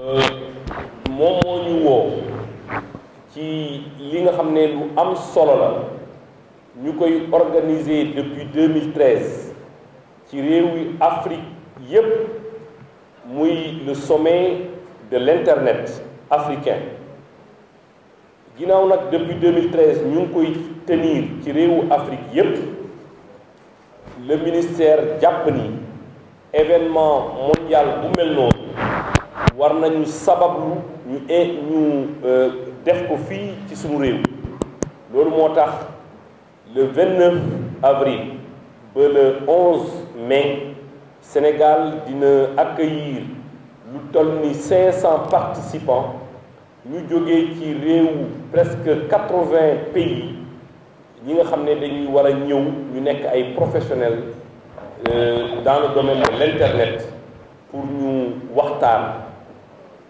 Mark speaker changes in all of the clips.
Speaker 1: Euh, moom moo ñu woo ci li nga lu solo la depuis 2013 ci réewi Afrique yépp le sommet de l'internet africain depuis 2013 nous avons koy tenir ci Afrique yépp le ministère japonais événement mondial bu mel nous sababu nous et ñu e euh, def ko le 29 avril le 11 mai Sénégal dina accueillir nous 500 participants nous jógee ci presque 80 pays nous nga des professionnels euh, dans le domaine de l'internet pour nous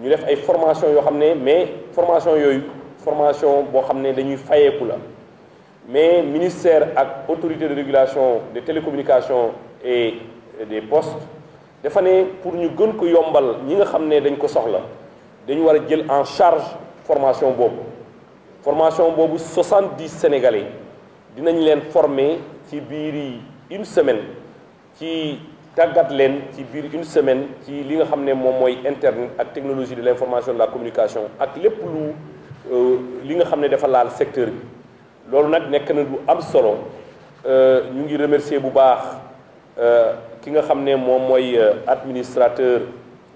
Speaker 1: Nous avons une formation mais formation formations formation boo xam dañuy mais ministère et l'autorité de régulation des télécommunications et des postes pour nous Nous avons yombal ñi nga nous dañ ko soxla en charge formation la formation de 70 sénégalais nous leen former une semaine ci tàggat len ci biir une semaine ci li nga xam mom moy mooy internet ak technologie de l'information de la communication ak lepp lu euh, li nga xam ne dafa laal secteur bi lolou nak nek na lu am solo euh, ñu ngi remercier bu baax euh, ki nga xam mom moy administrateur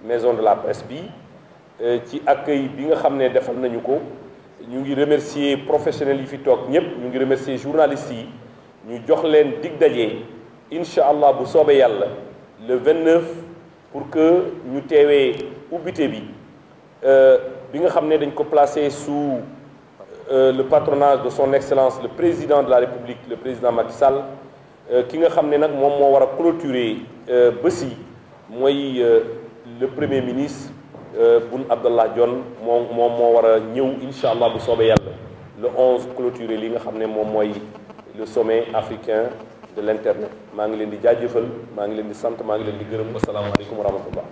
Speaker 1: maison de la presse bi ci accueil bi nga xam defal nañu ko ñu ngi remercier professionnel yi fi tok ñep ñu ngi remercier journalistes yi ñu jox len dig dajé inshallah bu soobé yalla le 29 pour que ñu teewee ubbite bi euh, bi nga xamné dañ ko placé sous euh, le patronage de son excellence le président de la république le président Macky Sall euh, ki nga xamné nak mom mo wara clôturer bés yi mooy le premier ministre Boun Abdallah Dionne moom mo wara war a ñëw bu soobé yalla le 11 clôturer li nga xamné mom moy le sommet africain de l' internet maa ngi leen di jaajëfal maa ngi leen di sant maa ngi leen di gërëm asalaamaaleykum wa rahmatullah